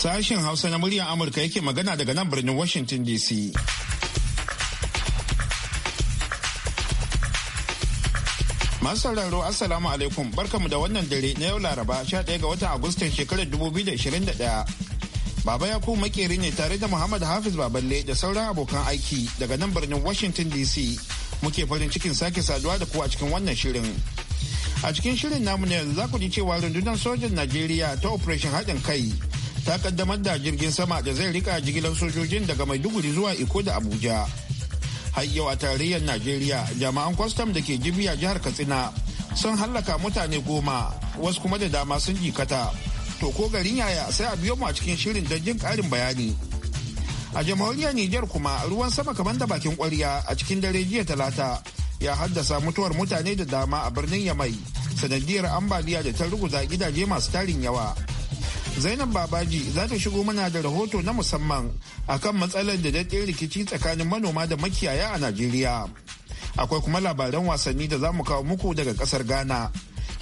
Sashen Hausa na muryar Amurka yake magana daga nan birnin Washington DC. Masu sauraro Assalamu alaikum barkamu da wannan dare na yau Laraba 11 ga watan Agustan shekarar 2021. Baba Yakubu makeri ne tare da Muhammad Hafiz Baballe da sauran abokan aiki daga nan birnin Washington DC. Muke farin cikin sake saduwa da ku a cikin wannan shirin. A cikin shirin namu ne yanzu za ku ji cewa rundunar sojan Najeriya ta Operation Haɗin Kai ta kaddamar da jirgin sama da zai rika jigilar sojojin daga maiduguri zuwa iko da abuja har yau a tarayyar najeriya jama'an kwastam da ke jibiya jihar katsina sun hallaka mutane goma wasu kuma da dama sun jikata to ko garin yaya sai a biyo mu a cikin shirin don jin karin bayani a jamhuriyar niger kuma ruwan sama kamar da bakin kwarya a cikin dare jiya talata ya haddasa mutuwar mutane da dama a birnin yamai sanadiyar ambaliya da ta ruguza gidaje masu tarin yawa Zainab Babaji za ta shigo mana da rahoto na musamman akan matsalar da daɗe rikici tsakanin manoma da makiyaya a Najeriya. Akwai kuma labaran wasanni da za mu kawo muku daga ƙasar Ghana.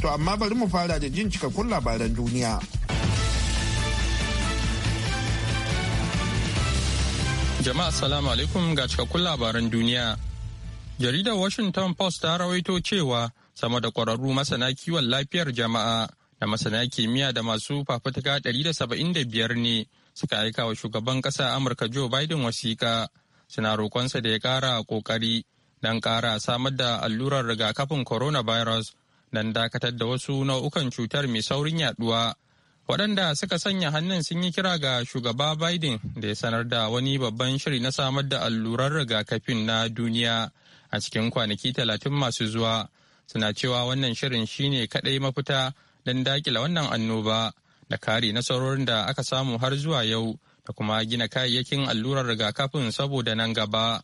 To amma bari mu fara da jin cikakkun labaran duniya. Jama'a salamu alaikum ga cikakkun labaran duniya. Jaridar Washington Post ta rawaito cewa sama da kwararru masana kiwon lafiyar jama'a da masana kimiyya da masu fafutuka biyar ne suka aika wa shugaban ƙasa amurka joe biden wasiƙa suna roƙonsa da ya ƙara ƙoƙari don ƙara samar da allurar rigakafin coronavirus don dakatar da wasu nau'ukan cutar mai saurin yaɗuwa. waɗanda suka sanya hannun sun yi kira ga shugaba biden da ya sanar da wani babban shiri na samar da allurar rigakafin na duniya a cikin kwanaki talatin masu zuwa suna cewa wannan shirin shine kaɗai mafita don dakila wannan annoba da kare nasarorin da aka samu har zuwa yau da kuma gina kayayyakin allurar rigakafin saboda nan gaba.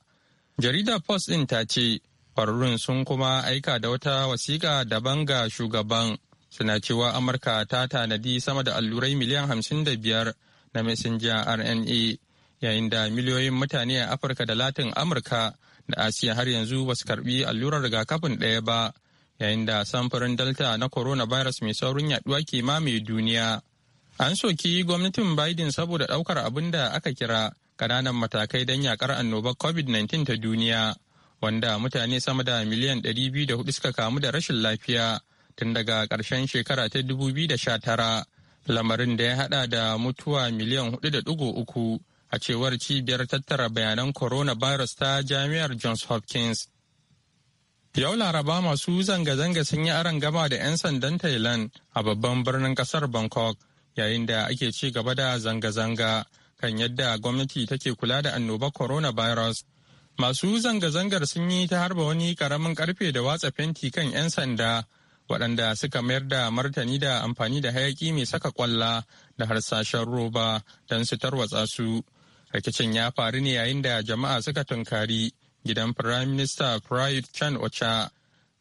Jarida Post ɗin ta ce, kwararrun sun kuma aika da wata wasiƙa daban ga shugaban suna cewa Amurka ta tanadi sama da allurai miliyan hamsin da biyar na messenger RNA yayin da miliyoyin mutane a Afirka da Latin Amurka da Asiya har yanzu ba su karbi allurar rigakafin ɗaya ba yayin da samfurin delta na Corona Virus mai saurin yaduwa ke mamaye duniya an soki gwamnatin biden saboda daukar abin da aka kira kananan matakai don yakar annobar covid-19 ta duniya wanda mutane sama da miliyan 204 suka kamu da rashin lafiya tun daga karshen shekara ta 2019 lamarin da ya hada da mutuwa miliyan 4.3 a cewar cibiyar tattara bayanan coronavirus ta jami'ar johns hopkins Yau Laraba masu zanga-zanga sun yi aron gama da 'yan sandan Thailand a babban birnin kasar Bangkok yayin da ake ci gaba da zanga-zanga kan yadda gwamnati take kula da annobar coronavirus. Masu zanga-zangar sun yi ta harba wani karamin karfe da watsa fenti kan 'yan sanda waɗanda suka mayar da martani da amfani da hayaƙi mai saka kwalla da harsashen roba don su tarwatsa su. Rikicin ya faru ne yayin da jama'a suka tunkari gidan prime minister Pride Chan Ocha.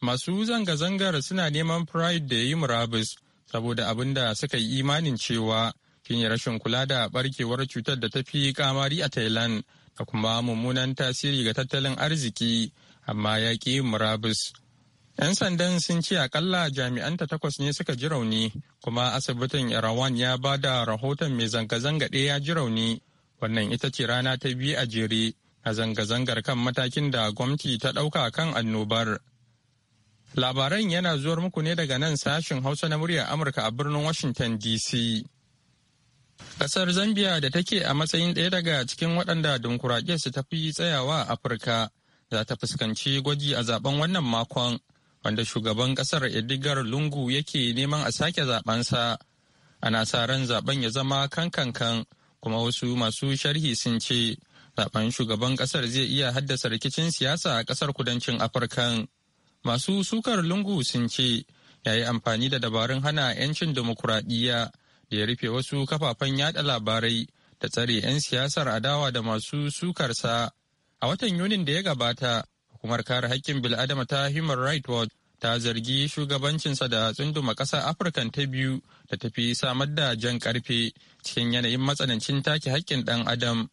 Masu zanga-zangar suna neman Pride da ya yi murabus saboda abin da suka yi imanin cewa shine rashin kula da barkewar cutar da ta fi kamari a Thailand da kuma mummunan tasiri ga tattalin arziki, amma ya ƙi murabus. 'Yan sandan sun ce akalla jami'anta takwas ne suka ji rauni, kuma asibitin Irawan ya ba da rahoton mai zanga-zanga ɗaya ya ji rauni. Wannan ita ce rana ta biyu a jere a zanga-zangar kan matakin da gwamnati ta ɗauka kan annobar. Labaran yana zuwar muku ne daga nan sashen Hausa na muryar Amurka a birnin Washington DC. Kasar Zambia da take a matsayin ɗaya daga cikin waɗanda dimokuraɗiyar su tafi tsayawa a Afirka za ta fuskanci gwaji a zaben wannan makon wanda shugaban kasar Edgar Lungu yake neman a sake zabensa. Ana sa ran zaben ya zama kankankan kuma wasu masu sharhi sun ce zaben shugaban kasar zai iya haddasa rikicin siyasa a kasar kudancin afirkan masu sukar lungu sun ce ya yi amfani da dabarun hana 'yancin demokuraɗiyya da ya rufe wasu kafafen yada labarai da tsare 'yan siyasar adawa da masu sukarsa a watan yunin da ya gabata hukumar kare haƙƙin bil'adama ta human rights watch ta zargi shugabancinsa da tsunduma ƙasar afirkan ta biyu da tafi samar da jan ƙarfe cikin yanayin matsanancin take haƙƙin ɗan adam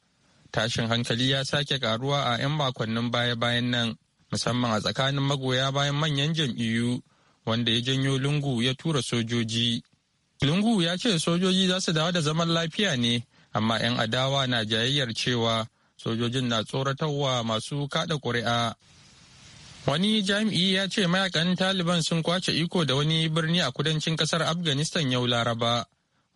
tashin hankali ya sake karuwa a 'yan makonnin baya-bayan nan musamman a tsakanin magoya bayan manyan jam'iyyu wanda ya janyo lungu ya tura sojoji lungu ya ce sojoji za su dawo da zaman lafiya ne amma 'yan adawa na jayayyar cewa sojojin na tsoratarwa masu kada ƙuri'a wani jami'i ya ce mayakan taliban sun kwace iko da wani birni a kudancin kasar afghanistan yau laraba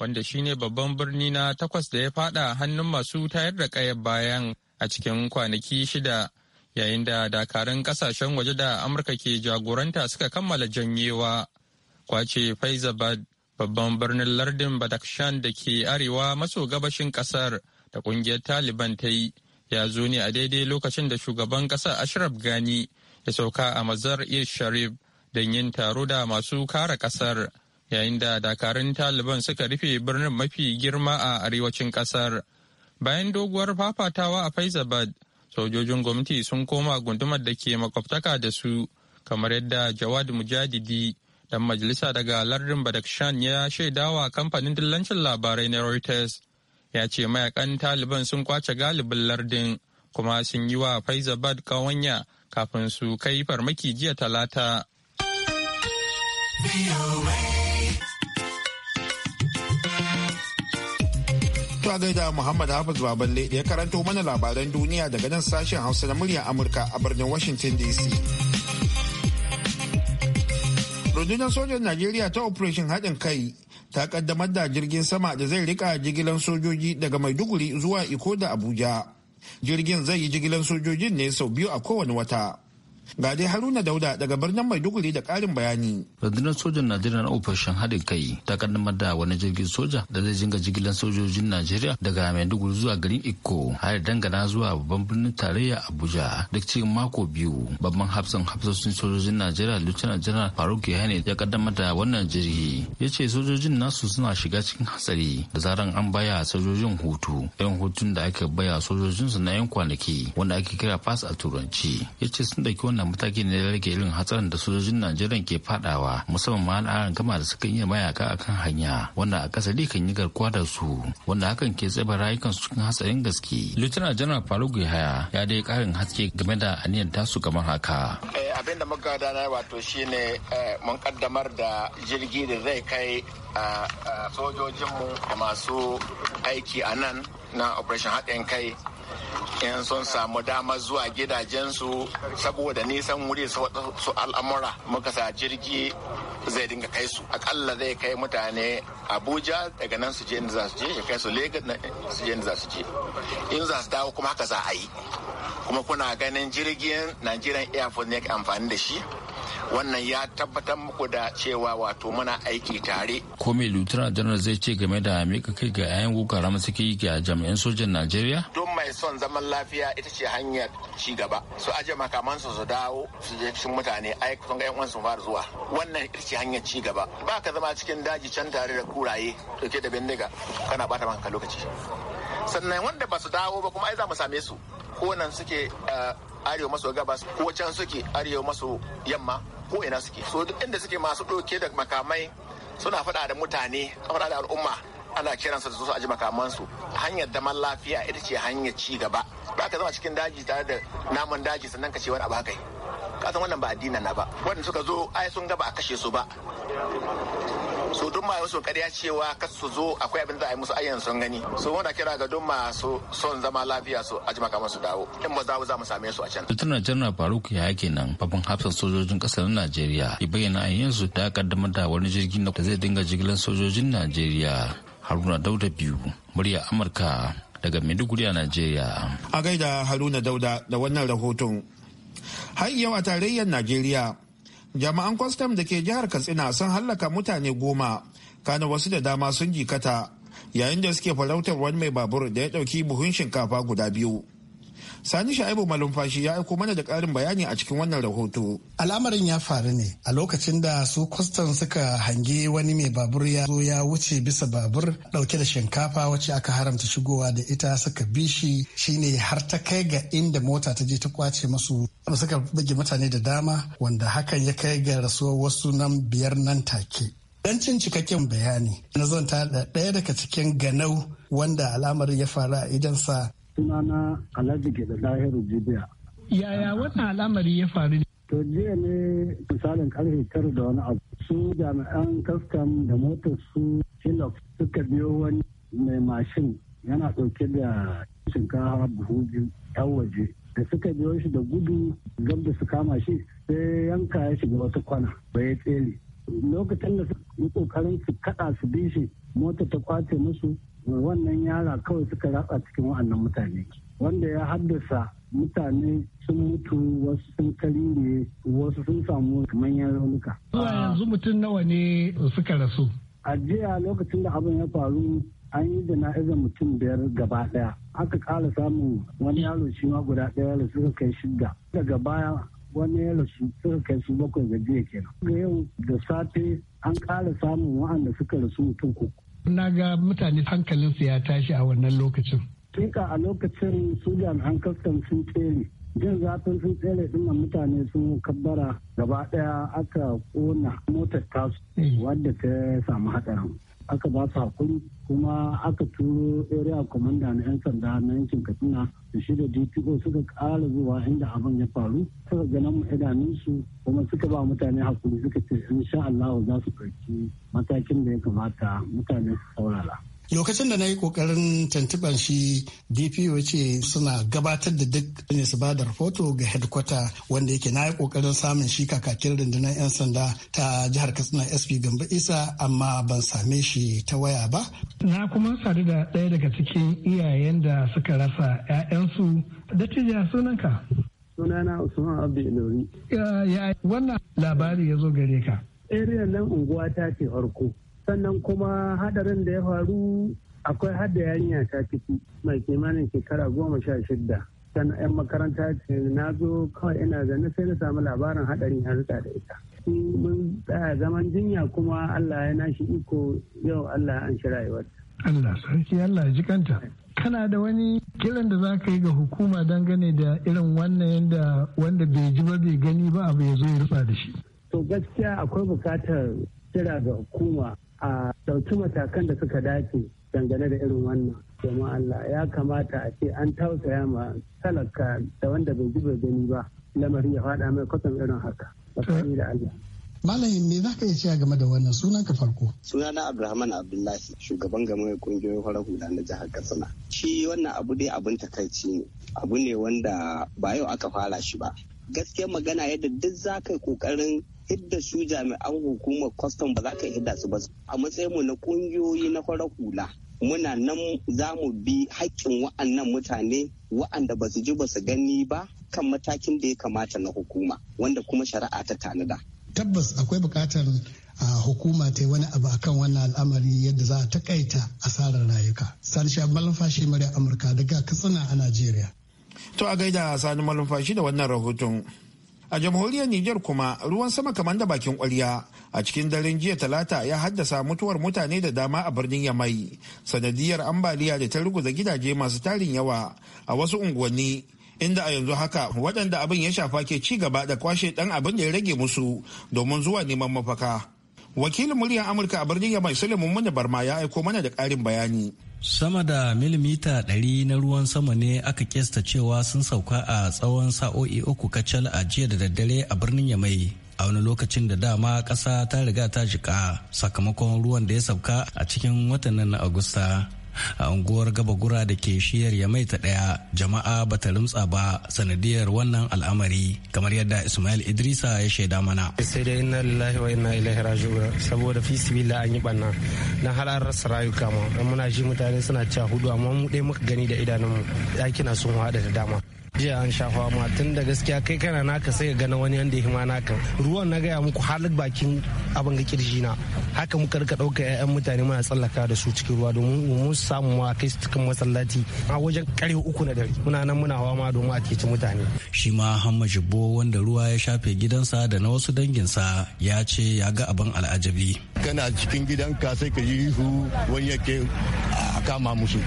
wanda shine babban birni na takwas da ya fada hannun masu tayar da kayan bayan a cikin kwanaki shida yayin da dakarun kasashen waje da amurka ke jagoranta suka kammala janyewa kwace faizabad babban birnin lardin badakshan da ke arewa maso gabashin kasar da kungiyar taliban ta yi ya zo ne a daidai lokacin da shugaban kasa ashraf gani ya sauka a mazar ir sharif don yin taro da masu kare kasar yayin da dakarun taliban suka rufe birnin mafi girma a arewacin kasar bayan doguwar fafatawa a faizabad sojojin gwamnati sun koma gundumar da ke makwabtaka da su kamar yadda jawad mujadidi dan majalisa daga lardin badakshan ya shaidawa kamfanin dillancin labarai na reuters ya ce mayakan taliban sun kwace galibin lardin kuma sun yi wa faizabad kawanya kafin su kai farmaki jiya talata. To a gaida Muhammad Hafiz Baballe ya karanto mana labaran duniya daga nan sashen Hausa na muryar Amurka a birnin Washington DC. Rundunar sojan Najeriya ta Operation haɗin kai ta kaddamar da jirgin sama da zai rika jigilan sojoji daga Maiduguri zuwa Iko da Abuja. Jirgin zai yi jigilan sojojin ne sau biyu a kowane wata. Ga dai Haruna Dauda daga birnin Maiduguri da karin bayani. Rundunar sojan Najeriya na ofishin haɗin kai ta kaddamar da wani jirgin soja da zai jinga jigilan sojojin Najeriya daga Maiduguri zuwa garin Ikko har dangana zuwa babban birnin tarayya Abuja duk cikin mako biyu. Babban hafsan hafsoshin sojojin Najeriya Lieutenant General Faruk Yahane ya kaddamar da wannan jirgi. Ya ce sojojin nasu suna shiga cikin hatsari da zaran an baya sojojin hutu. Yan hutun da aka baya sojojinsu na yan kwanaki wanda ake kira pass a turanci. Ya ce sun ɗauki wannan mataki ne da rage irin hatsarin da sojojin najeriya ke fadawa musamman ma al'aran kama da suka iya mayaka akan hanya wanda a kasa kan yi garkuwa da su wanda hakan ke tsaba su cikin hatsarin gaske lieutenant general faruk yahaya ya dai karin haske game da aniyar tasu kamar haka eh, abin da muka gudanar wato shine eh, mun kaddamar da jirgi da zai kai mu da masu aiki a nan na operation haɗin kai in sun samu damar zuwa gidajensu saboda nisan wuri su al'amura muka sa jirgi zai dinga kai su akalla zai kai mutane abuja daga nan su je inda za su je ya kai su lagos su je inda za su je in za su dawo kuma haka za a yi kuma kuna ganin jirgin nigerian airport ne amfani da shi wannan ya tabbatar muku da cewa wato muna aiki tare ko me lieutenant zai ce game da mika kai ga 'ya'yan gugara suke ga jami'an sojan najeriya don mai son zaman lafiya ita ce hanyar ci gaba su aje makaman su su dawo su je cikin mutane ai kusan ga 'yan fara zuwa wannan ita ce hanyar ci gaba ba ka zama cikin daji can tare da kuraye dauke da bindiga kana bata maka lokaci sannan wanda ba su dawo ba kuma ai za mu same su ko nan suke eh, arewa maso gabas ko can suke arewa maso yamma ko ina suke so duk inda suke masu ɗauke da makamai suna faɗa da mutane a faɗa da al'umma ana kiransa da su aji makamansu hanyar zaman lafiya ita ce hanyar ci gaba ba ka zama cikin daji tare da naman daji sannan ka ce wani abu ka san wannan ba addinin na ba wanda suka zo ai sun gaba a kashe su ba so duk masu kariya cewa kas su zo akwai abin da a yi musu ayyan sun gani so wanda kira ga duk su son zama lafiya su a jima kamar su dawo in ba za za mu same su a can. Lieutenant General Faruk ya kenan babban hafsan sojojin kasar Najeriya ya bayyana yanzu ta kaddamar da wani jirgin da zai dinga jigilan sojojin Najeriya Haruna Dauda biyu murya Amurka daga Maiduguri a Najeriya. A gaida Haruna Dauda da wannan rahoton. Har yau a tarayyar Najeriya jami'an kwastam da ke jihar katsina sun hallaka mutane goma kana wasu da dama sun jikata yayin da suke farautar wani mai babur da ya ɗauki buhun shinkafa guda biyu Sani Sha'ibu Malumfashi ya aiko mana da karin bayani a cikin wannan rahoto. Al'amarin ya faru ne a lokacin da su kwastan suka hange wani mai babur ya zo ya wuce bisa babur ɗauke da shinkafa wacce aka haramta shigowa da ita suka bi shi shine har ta kai ga inda mota ta je ta kwace masu suka bage mutane da dama wanda hakan ya kai ga rasuwar wasu nan biyar nan take. Dan cin cikakken bayani na zanta da ɗaya daga cikin ganau wanda al'amarin ya faru a idansa sunana alhaji da lahiru jibiya yaya wannan al'amari ya faru to jiya ne misalin karfe tara da wani abu su jami'an kastam da motar su hilux suka biyo wani mai mashin yana dauke da shinkafa buhu biyu yan waje da suka biyo shi da gudu gab da su kama shi sai yanka ya shiga wata kwana bai tsere lokacin da su yi kokarin su kada su bi shi mota ta kwace musu wannan yara kawai suka ratsa cikin wa'annan mutane wanda ya haddasa mutane sun mutu wasu sun karire wasu sun samu manyan raunuka. Zuwa yanzu mutum nawa ne suka rasu? A jiya lokacin da abin ya faru an yi jana'izar mutum biyar gaba daya. Aka kara samun wani yaro shi ma guda daya da suka kai shida. Daga baya wani yaro shi suka kai su bakwai ga jiya kenan. Ga yau da safe an kara samun wa'anda suka rasu mutum uku. na ga mutane hankalinsu ya tashi a wannan lokacin. Tinka a lokacin su jami'an kastam sun tsere. Jin zafin sun tsere ɗin mutane sun kabbara gaba ɗaya aka ƙona motar tasu eh. wadda ta samu hatsarin. aka ba su hakuri kuma aka turo area commander na 'yan sanda na yankin katsina da shi da dpo suka ƙara zuwa inda abin ya faru suka mu idanun idanunsu kuma suka ba mutane hakuri suka ce insha allahu za su ɗauki matakin da ya kamata mutane su saurara. lokacin da na yi kokarin tantiban shi dpo ce suna gabatar da duk ne su bada rahoto ga headquarter wanda yake na yi kokarin samun shi kakakin rundunar 'yan sanda ta jihar katsina sp gamba isa amma ban same shi ta waya ba na kuma sadu da ɗaya daga cikin iyayen da suka rasa 'ya'yansu dattijiya sunanka sunana usman abdu ilori wannan labari ya zo gare ka area nan unguwa ce farko sannan kuma hadarin da ya faru akwai hada yarinya ta ciki mai kimanin shekara goma sha shidda sannan 'yan makaranta na zo kawai ina zane sai na samu labarin hadarin harka da ita mun tsaya zaman jinya kuma allah ya nashi iko yau allah an shi rayuwar allah sarki allah ji kanta kana da wani kiran da za ka yi ga hukuma dangane da irin wannan yadda wanda bai ji ba bai gani ba abu ya zo ya rutsa da shi to gaskiya akwai bukatar kira ga hukuma a ɗauki matakan da suka dace dangane da irin wannan domin Allah ya kamata a ce an tausaya ma talaka da wanda bai ji bai gani ba Lamari ya faɗa mai kwatan irin haka da Allah. Malamin me za ka iya cewa game da wannan sunan ka farko? Suna na Abdulrahman Abdullahi shugaban game kungiyoyin farar hula na jihar Katsina. Shi wannan abu dai abin takaici ne. Abu ne wanda ba yau aka fara shi ba. Gaskiyar magana yadda duk za ka yi kokarin hidda su jami'an hukumar kwastam ba za ka hidda su ba a mu na kungiyoyi na fara hula muna nan za mu bi haƙƙin wa'annan mutane wa'anda ba su ji ba su gani ba kan matakin da ya kamata na hukuma wanda kuma shari'a ta tanada. tabbas akwai buƙatar hukuma ta yi wani abu akan wannan al'amari yadda za a takaita asarar rayuka sarshe malumfashi murya amurka daga katsina a najeriya to a gaida sani malumfashi da wannan rahoton A jamhuriyar Niger kuma ruwan sama kamar da bakin kwarya a cikin daren jiya talata ya haddasa mutuwar mutane da dama a birnin Yamai. Sanadiyar ambaliya da ta ruguza gidaje masu tarin yawa a wasu unguwanni inda a yanzu haka waɗanda abin ya shafa ke ci gaba da kwashe ɗan abin da ya rage musu domin zuwa neman mafaka. Wakilin muryar Amurka a birnin Yamai Suleiman mana Barma ya aiko mana da ƙarin bayani. Sama da milimita ɗari na ruwan sama ne aka kesta cewa sun sauka a tsawon sa'o'i uku kacal a jiya da daddare a birnin Yamai. A wani lokacin da dama ƙasa ta riga ta jika sakamakon ruwan da ya sauka a cikin watannin na Agusta. a unguwar gabagura da ke shiyar ya ta ɗaya jama'a bata rumtsa ba sanadiyar wannan al'amari kamar yadda ismail idrisa ya shaida mana sai dai inna lillahi wa inna ilaihi raji'un saboda fi la an yi banna na an rasa rayuka ma muna ji mutane suna cewa hudu amma mu dai muka gani da idanunmu ɗakina sun haɗa da dama jiya an shafa ma tun da gaskiya kai kana naka sai ga na wani wanda ya hima naka ruwan na gaya muku halin bakin abin ga kirji na haka muka rika dauka 'ya'yan mutane muna tsallaka da su cikin ruwa domin mu samu ma kai su cikin masallaci a wajen kare uku na dare muna nan muna hawa ma domin a ceci mutane. shi ma hamma jibbo wanda ruwa ya shafe gidansa da na wasu danginsa ya ce ya ga abin al'ajabi. kana cikin gidanka sai ka yi hu wani yake a kama musu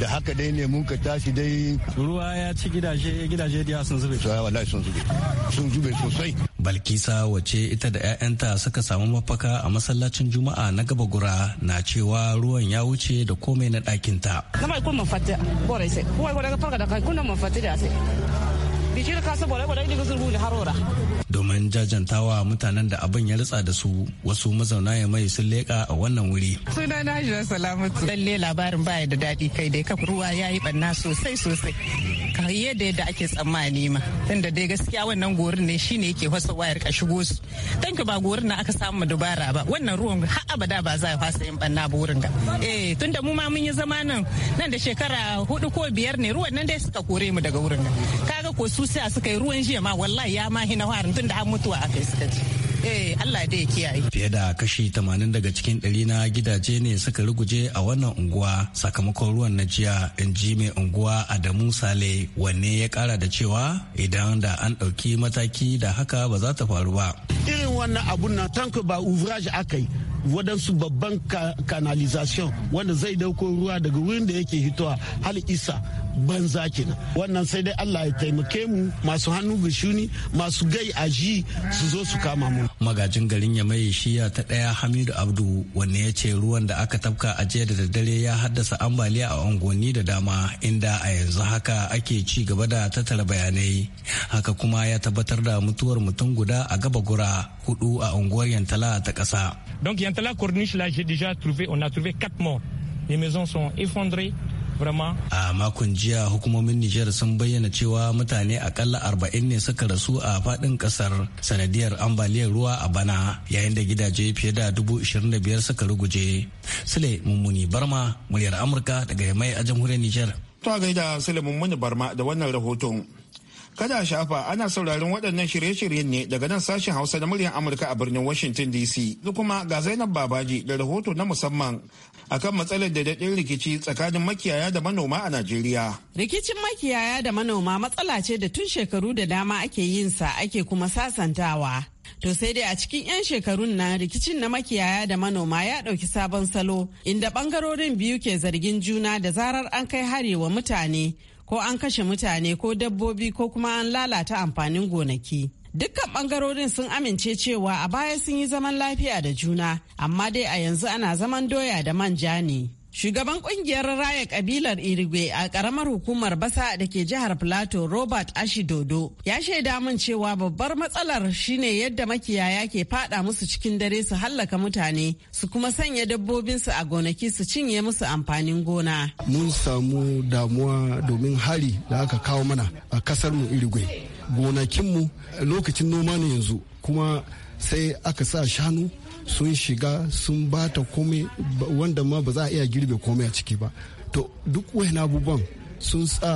da haka dai ne mun ka tashi dai ruwa ya ci gidaje gidaje da sun zube sai wallahi sun zube sun zube sosai Balkisa wace ita da 'ya'yanta suka samu mafaka a masallacin Juma'a na gaba gura na cewa ruwan ya wuce da komai na ɗakinta. Zama kun mafata, bore sai, kuwa ikon daga farka da kai kun mafata da sai. domin jajantawa mutanen da abin ya ritsa da su wasu mazauna ya mai sun leƙa a wannan wuri. Suna na Hajjira Salamatu. Lalle labarin baya da daɗi kai dai kafa ruwa ya yi ɓanna sosai sosai. Ka yi yadda yadda ake tsammani ma. Tunda dai gaskiya wannan gorin ne shine yake wasa wayar ka shigo su. Dan ba gorin na aka samu dubara ba. Wannan ruwan har abada ba za a fasa yin ɓanna ba wurin ga. Eh tunda mu ma mun yi zamanin nan nan da shekara hudu ko biyar ne ruwan nan dai suka kore mu daga wurin ga. ko su sai suka yi ruwan jiya ma wallahi ya ma hina harin tun da an mutuwa kai suka ci. eh Allah dai ya kiyaye. Fiye da kashi 80 daga cikin ɗari na gidaje ne suka ruguje a wannan unguwa sakamakon ruwan na jiya in ji mai unguwa Adamu Sale wanne ya kara da cewa idan da an ɗauki mataki da haka ba za ta faru ba. Irin wannan abun na tanku ba ouvrage aka yi wadansu babban canalization wanda zai dauko ruwa daga wurin da yake hitowa hal isa banza kenan wannan sai dai Allah ya taimake mu masu hannu gishuni masu gai aji su zo su kama mu magajin garin ya mai shiya ta daya Hamidu Abdu wanne ya ce ruwan da aka tafka a jiya da daddare ya haddasa ambaliya a unguwanni da dama inda a yanzu haka ake ci gaba da tattara bayanai haka kuma ya tabbatar da mutuwar mutum guda a gaba gura hudu a unguwar Yantala ta ƙasa Donc la Corniche, là, j'ai déjà trouvé, on a trouvé quatre morts. Les maisons sont effondrées, A makon jiya hukumomin Nijar sun bayyana cewa mutane akalla arba'in ne suka rasu a faɗin ƙasar sanadiyar ambaliyar ruwa a bana yayin da gidaje fiye da dubu ishirin da biyar suka ruguje. Sule Mummuni Barma, muryar Amurka daga Yamai a jamhuriyar Nijar. Ta gaida Sule Mummuni Barma da wannan rahoton. Kada a shafa ana sauraron waɗannan shirye-shiryen ne daga nan sashen Hausa na muryar Amurka a birnin Washington DC. Da kuma ga Zainab Babaji da rahoto na musamman akan matsalar da daɗin rikici tsakanin makiyaya da manoma a Najeriya. Rikicin makiyaya da manoma matsala ce da tun shekaru da dama ake yin sa ake kuma sasantawa. To sai dai a cikin 'yan shekarun nan rikicin na makiyaya da manoma ya ɗauki sabon salo inda ɓangarorin biyu ke zargin juna da zarar an kai wa mutane ko an kashe mutane ko dabbobi ko kuma an lalata amfanin gonaki. Dukkan bangarorin sun amince cewa a baya sun yi zaman lafiya da juna, amma dai a yanzu ana zaman doya da manja ne. Shugaban kungiyar raya kabilar Irigwe a karamar hukumar basa da ke jihar Plateau Robert Ashidodo ya shaida mun cewa babbar matsalar shine yadda makiyaya ke fada musu cikin dare su hallaka mutane su kuma sanya dabbobin su a gonaki su cinye musu amfanin gona. Mun samu damuwa domin hari da aka kawo mana a kasar mu Irigwe. Gonakinmu lokacin noma ne yanzu kuma sai aka sa shanu sun shiga sun bata komai wanda ma ba za a iya girbe komai a ciki ba to duk wayan abubuwan sun sa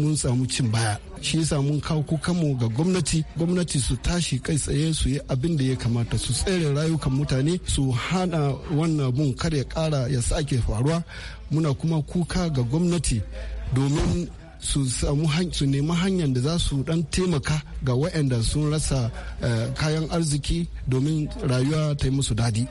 mun samu cin baya shi yasa mun kawo kukanmu ga gwamnati gwamnati su tashi kai tsaye su yi abin da ya kamata su tsere rayukan mutane su hana wannan abun kar ya kara ya sake faruwa muna kuma kuka ga gwamnati domin su nemi hanyar da za su dan taimaka ga waɗanda sun rasa eh, kayan arziki domin rayuwa ta yi musu dadi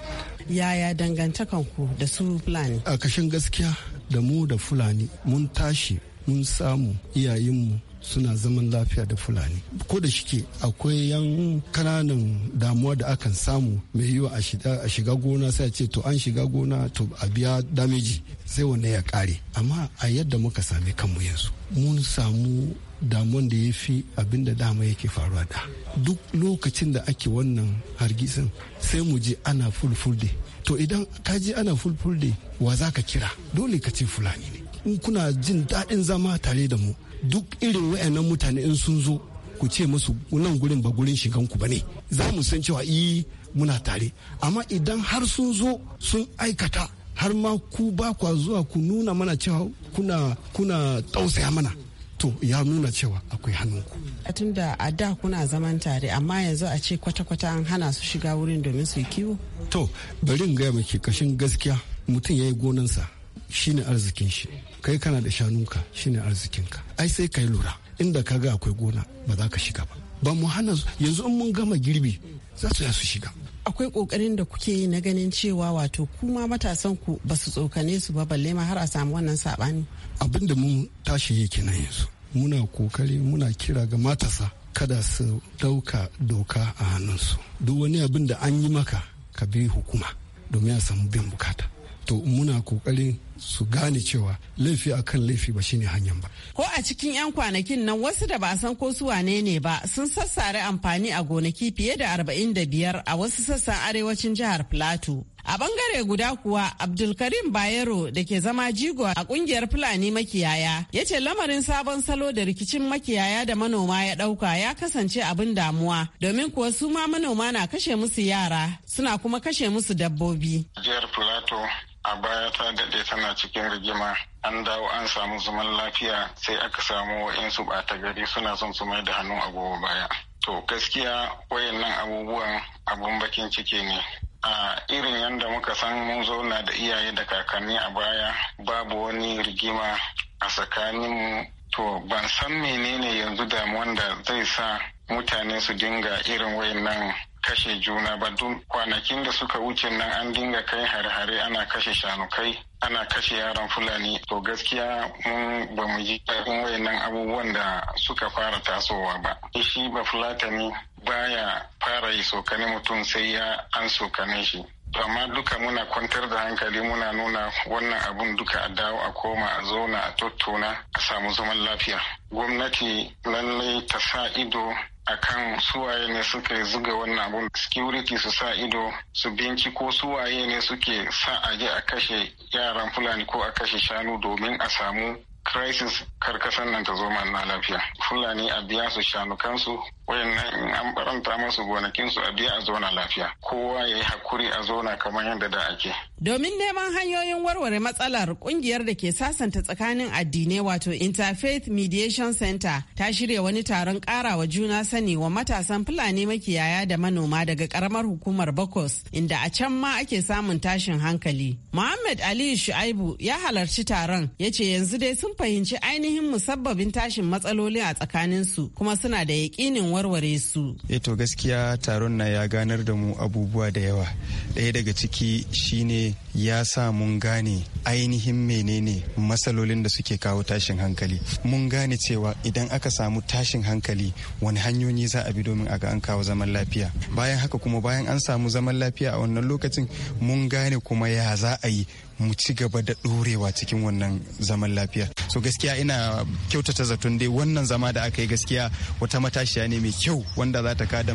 yaya dangantakanku da su fulani a kashin gaskiya da mu da fulani mun tashi mun samu iyayenmu suna zaman lafiya da fulani ko da shike akwai yan kananan damuwa da akan samu mai yiwa a shiga gona sai a ce to an shiga gona to a biya dameji sai wanne ya kare amma a yadda muka sami kanmu yanzu mun samu damuwan da ya fi abin da dama yake faruwa da duk lokacin da ake wannan hargitsin sai mu je ana fulfulde to idan ka je ana fulfulde wa za ka kira dole ka ce fulani ne in kuna jin daɗin zama tare da mu duk irin wayannan mutane in sun zo ku ce musu nan gurin ba gurin shigan ku bane za mu san cewa i eh, muna tare amma idan har sun zo sun aikata har ma ku ba kwa zuwa ku nuna mana cewa kuna kuna tausaya mana to ya nuna cewa akwai hannunku. tun da a da kuna zaman tare amma yanzu a ce kwata-kwata an hana su shiga wurin domin su yi kiwo? to bari in gaya maki kashin gaskiya mutum ya yi gonansa shine arzikin shi kai kana da shanunka shine arzikinka ai sai kai lura inda ka ga akwai gona ba za ka shiga ba ba mu hana yanzu in mun gama girbi za su ya su shiga akwai kokarin da kuke yi na ganin cewa wato kuma matasan ku ba su tsokane su ba balle ma har a samu wannan sabani abin da mun tashi yake nan yanzu muna kokari muna kira ga matasa kada su dauka doka a hannunsu duk wani abin da an yi maka ka bi hukuma domin a samu biyan bukata to muna kokarin su gane cewa laifi akan laifi ba shine hanyar ba. Ko a cikin 'yan kwanakin nan wasu da ba san ko su wane ne ba sun sassare amfani a gonaki fiye da 45 a wasu sassan arewacin jihar Plateau. A bangare guda kuwa Abdulkarim Bayero da ke zama jigo a kungiyar Fulani makiyaya ya ce lamarin sabon salo da rikicin makiyaya da manoma ya dauka ya kasance abin damuwa domin kuwa su ma manoma na kashe musu yara suna kuma kashe musu dabbobi. Jihar Plateau a baya ta daɗe tana cikin rigima an dawo an samu zaman lafiya sai aka samu su ɓata gari suna son su mai da hannu agogo baya. To gaskiya wayannan abubuwan abun bakin ciki ne a irin yadda muka san mun zauna da iyaye da kakanni a baya babu wani rigima a tsakaninmu to ban san menene yanzu damuwan da zai sa mutane su dinga irin wayannan kashe juna ba duk kwanakin da suka wuce nan an dinga kai hare-hare ana kashe shanukai ana kashe yaran fulani to gaskiya mun ba mu ji daɗin wayannan abubuwan da suka fara tasowa ba eh, shi ba fulatani baya fara yi sokane mutum sai ya an sokane shi amma duka muna kwantar da hankali muna nuna wannan abun duka a dawo a koma a zauna a tattauna a samu zaman lafiya gwamnati lallai ta sa ido akan suwaye ne suka zuga wannan abun security su sa ido su binciko suwaye ne suke sa a aje a kashe yaran fulani ko a kashe shanu domin a samu crisis kar kasan nan ta zo na lafiya fulani a biya su shanukansu wayannan in an baranta masu gonakinsu a biya a zauna lafiya kowa ya yi hakuri a zauna kamar yadda da ake domin neman hanyoyin warware matsalar kungiyar da ke sasanta tsakanin addinai wato interfaith mediation center ta shirya wani taron karawa juna sani wa matasan fulani makiyaya da manoma daga karamar hukumar bakos inda a can ma ake samun tashin hankali muhammad ali shu'aibu ya halarci taron yace yanzu dai sun fahimci ainihin musabbabin tashin matsaloli a tsakanin su kuma suna da yakinin warware su. Eto eh gaskiya taron na ya ganar da mu abubuwa da yawa. Ɗaya daga ciki shine ya sa mun gane ainihin menene matsalolin da suke kawo tashin hankali. Mun gane cewa idan aka samu tashin hankali wani hanyoyi za a bi domin a ga an kawo zaman lafiya. Bayan haka kuma bayan an samu zaman lafiya a wannan lokacin mun gane kuma ya za a yi mu ci gaba da ɗorewa cikin wannan zaman lafiya so gaskiya ina kyautata zaton dai wannan zama da aka yi gaskiya wata matashiya ne mai kyau wanda za ta ka da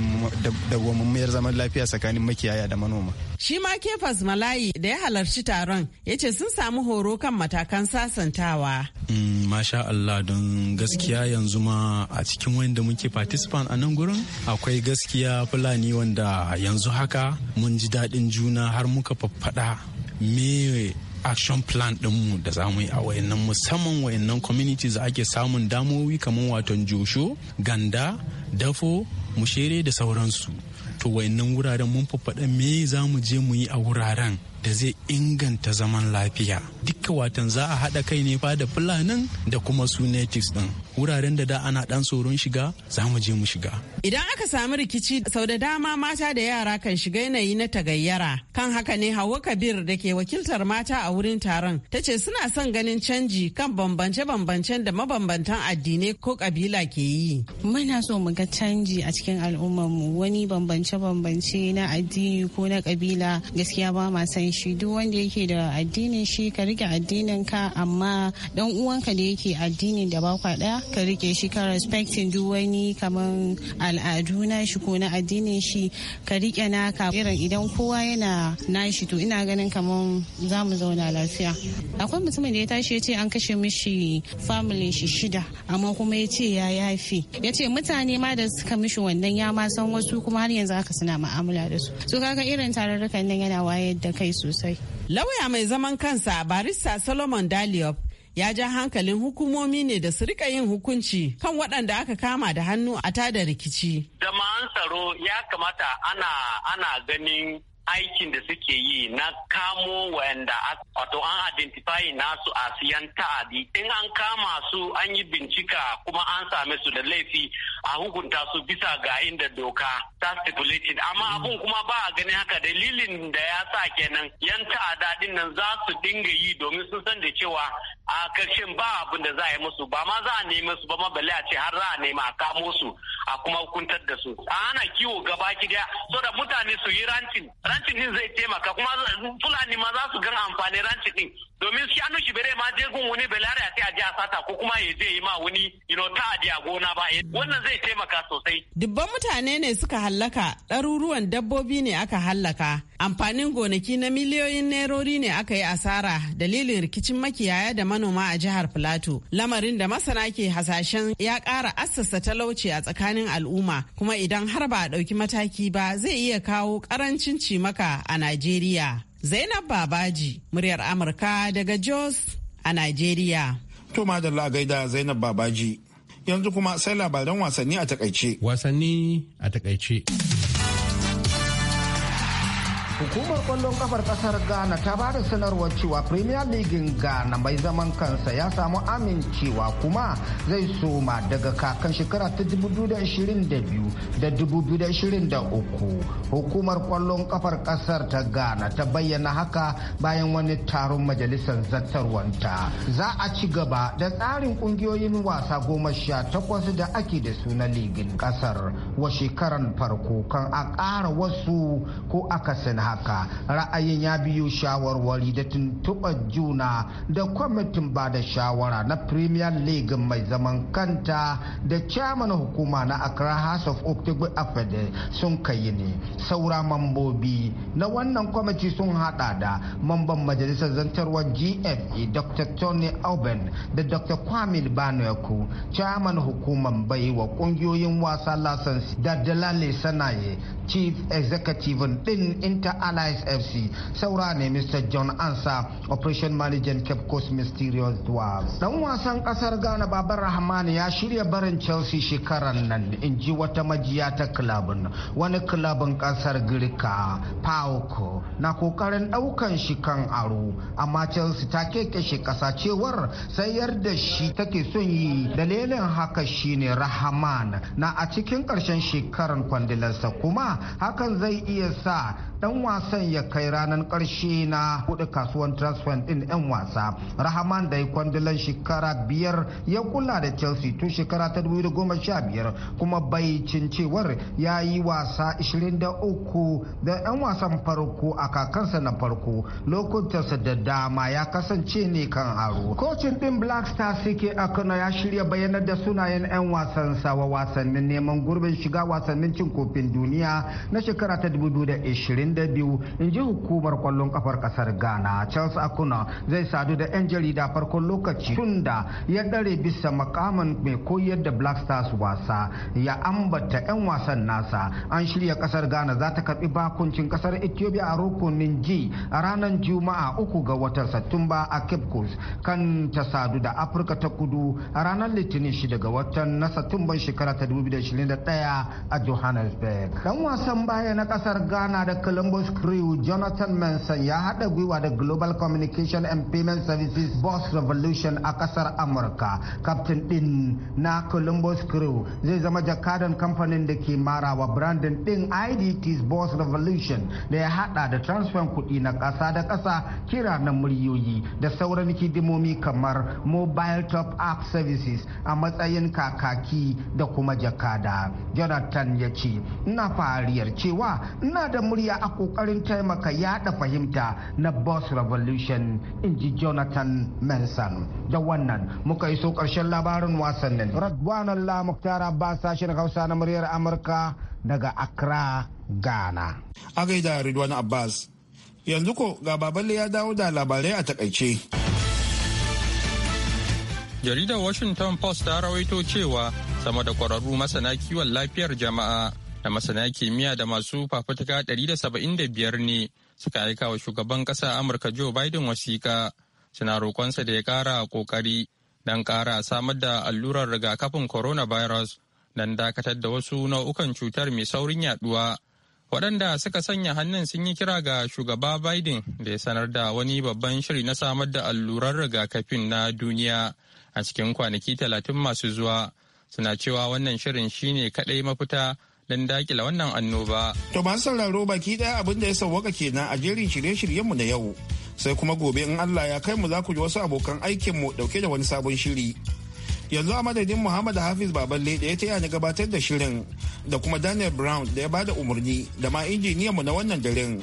gwamnatiyar zaman lafiya tsakanin makiyaya da manoma shi ma kefas malayi da ya halarci taron ya ce sun samu horo kan matakan sasantawa mm, masha Allah don gaskiya yanzu ma a cikin wanda muke participant a nan gurin akwai gaskiya fulani wanda yanzu haka mun ji daɗin juna har muka faffaɗa me action plan ɗinmu da za mu yi a wayannan musamman wayannan communities da ake samun damowi kamar waton josho ganda dafo mushere da sauransu to wayannan wuraren mun faɗa me za mu je mu yi a wuraren da zai inganta zaman lafiya dukka watan za a haɗa kai ne fa da fulanin da kuma su natives ɗin wuraren da da ana ɗan tsoron shiga za mu je mu shiga idan aka sami rikici sau da dama mata da yara kan shiga yanayi na tagayyara kan haka ne hauwa kabir da ke wakiltar mata a wurin taron ta ce suna son ganin canji kan bambance-bambancen da mabambantan addinai ko kabila ke yi muna so mu ga canji a cikin mu wani bambance-bambance na addini ko na kabila gaskiya ba ma san shi duk wanda yake da addinin shi ka rike addinin ka amma dan uwanka da yake addinin da bakwa daya ka rike shi ka respecting duk wani kaman al'adu na shi ko na addinin shi ka rike naka irin idan kowa yana nashi to ina ganin kaman za mu zauna lafiya akwai mutumin da ya tashi ya ce an kashe mishi family shi shida amma kuma ya ce ya yafi ya ce mutane ma da suka mishi wannan ya ma san wasu kuma har yanzu aka suna ma'amala da su so kaga irin tararrukan nan yana wayar da kai sosai. Lauya mai zaman kansa barista Solomon Daliop ya ja hankalin hukumomi ne da su rika yin hukunci kan waɗanda aka kama da hannu a tada rikici. Jama'an tsaro ya kamata ana ana ganin aikin da suke yi na kamo wanda wato an identify nasu a siyan ta'adi in an kama su an yi bincika kuma an same su da laifi a hukunta su bisa ga inda doka ta stipulated amma mm. abun kuma ba a gani haka dalilin da ya sa kenan yan ta'ada din nan za su dinga yi domin sun san da cewa a karshen ba abin da za a yi musu ba ma za a nemi su ba ma bale a ce har za a nema a kamo su a kuma hukuntar da su a ana kiwo gaba ki daya so da mutane su yi rancin rancin din zai taimaka kuma fulani ma za su gan amfani rancin din domin shi shi bere ma je gun wani belare a sai a sata ko kuma ya je yi ma wani you know ta a gona ba eh, wannan zai taimaka sosai dubban mutane ne suka hallaka ɗaruruwan dabbobi ne aka hallaka amfanin gonaki na miliyoyin nerori ne aka yi asara dalilin rikicin makiyaya da manoma a jihar Filato. Lamarin da masana ke hasashen ya ƙara assasa talauci a tsakanin al'umma kuma idan har ba a ɗauki mataki ba zai iya kawo ƙarancin cimaka a Najeriya. Zainab Babaji, muryar Amurka daga Jos a Najeriya. To madalla gaida Zainab Babaji. Yanzu kuma sai labaran wasanni a takaice. Wasanni a takaice. Hukumar kwallon kafar kasar Ghana ta ba da sanarwar cewa Premier League Ghana mai zaman kansa ya samu amincewa kuma zai soma daga kakan shekara ta 2022 da 2023. Hukumar kwallon kafar kasar ta Ghana ta bayyana haka bayan wani taron majalisar zattarwanta. Za a ci gaba da tsarin kungiyoyin wasa goma sha takwas da ake da su na ligin kasar wa shekaran farko kan a ƙara wasu ko sana haka ra'ayin ya biyo shawarwari da tuntuɓar juna da kwamitin ba da shawara na premier league mai zaman kanta da chairman hukuma na accra house of octagon afede sun kai ne saura mambobi na wannan kwamiti sun hada da mamban majalisar zantarwar gfa e, dr tony alban da dr kwame banuaku chairman hukumar baiwa kungiyoyin wasa lasansi da dalale sanaye chief executive din inter Allies FC saura ne Mr. John Ansa Operation Manager Cape Coast Mysterious Dwarves. Dan wasan kasar Ghana Babar Rahman ya shirya barin Chelsea shekaran nan in ji wata majiya ta klabin wani klabin kasar Girka Pauk na kokarin daukan shi kan aro amma Chelsea ta keke shi kasa cewar sayar da shi take son yi dalilin haka shine Rahman na a cikin karshen shekaran kwandilarsa kuma hakan zai iya sa dan wasan ya kai ranar karshe na hudu kasuwan transfer din yan wasa rahman da ya kwandilan shekara biyar ya kula da chelsea tun shekara ta dubu goma sha biyar. kuma bai cincewar ya yi wasa 23 da yan wasan farko a kakansa na farko lokutansa da dama ya kasance ne kan aro kocin din black star suke a kano ya shirya bayanar da sunayen yan wasan sawa wasannin neman gurbin shiga wasannin cin kofin duniya na shekara ta 2020 biyu in ji hukumar kwallon kafar kasar ghana charles akuna zai sadu da 'yan jarida farkon lokaci tunda ya ɗare bisa makaman mai koyar da black stars wasa ya ambata 'yan wasan nasa an shirya kasar ghana za ta karbi bakuncin kasar ethiopia a rukunin g a ranar juma'a uku ga watan satumba a cape coast kan ta sadu da afirka ta kudu a ranar litinin shi ga watan na satumban shekara ta 2021 a johannesburg dan wasan baya na kasar ghana da Columbus Crew Jonathan Manson ya haɗa gwiwa da Global Communication and Payment Services Boss Revolution a ƙasar Amurka. Captain ɗin na Columbus Crew zai zama jakadan kamfanin da ke marawa brandin ɗin IDT's Boss Revolution da ya haɗa da transfer kuɗi na ƙasa da ƙasa kira na muryoyi da sauran hidimomi kamar mobile top app services a matsayin kakaki da kuma jakada. Jonathan ya ce, ina fariyar cewa ina da murya a kokarin taimaka yada fahimta na boss revolution in ji jonathan manson da wannan muka yi iso karshen labarin wasannin radwanan la ba sashen hausa na muryar amurka daga accra ghana a gaida ridwan abbas yanzu ko ga baballe ya dawo da labarai a takaice jaridar washington post ta rawaito cewa sama da kwararru masana kiwon lafiyar jama'a da masana kimiyya da masu fafutuka biyar ne suka aika wa shugaban ƙasa amurka joe biden wasiƙa suna roƙonsa da ya ƙara ƙoƙari don ƙara samar da allurar rigakafin coronavirus don dakatar da wasu nau'ukan cutar mai saurin yaɗuwa. waɗanda suka sanya hannun sun yi kira ga shugaba biden da ya sanar da wani babban shiri na samar da allurar rigakafin na duniya a cikin kwanaki talatin masu zuwa suna cewa wannan shirin shine kaɗai mafita don dakila wannan annoba. To masu sauraro baki ɗaya abin da ya sauwaka kenan a jerin shirye-shiryenmu na yau. Sai kuma gobe in Allah ya kai mu za ku ji wasu abokan mu ɗauke da wani sabon shiri. Yanzu a madadin Muhammad Hafiz Baballe da ya taya ni gabatar da shirin da kuma Daniel Brown da ya bada umarni da ma injiniyanmu na wannan daren.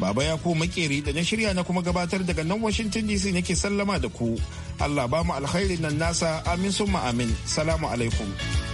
Baba ya ku makeri da na shirya na kuma gabatar daga nan Washington DC nake sallama da ku. Allah ba mu alkhairin nan nasa amin summa amin. Salamu alaikum.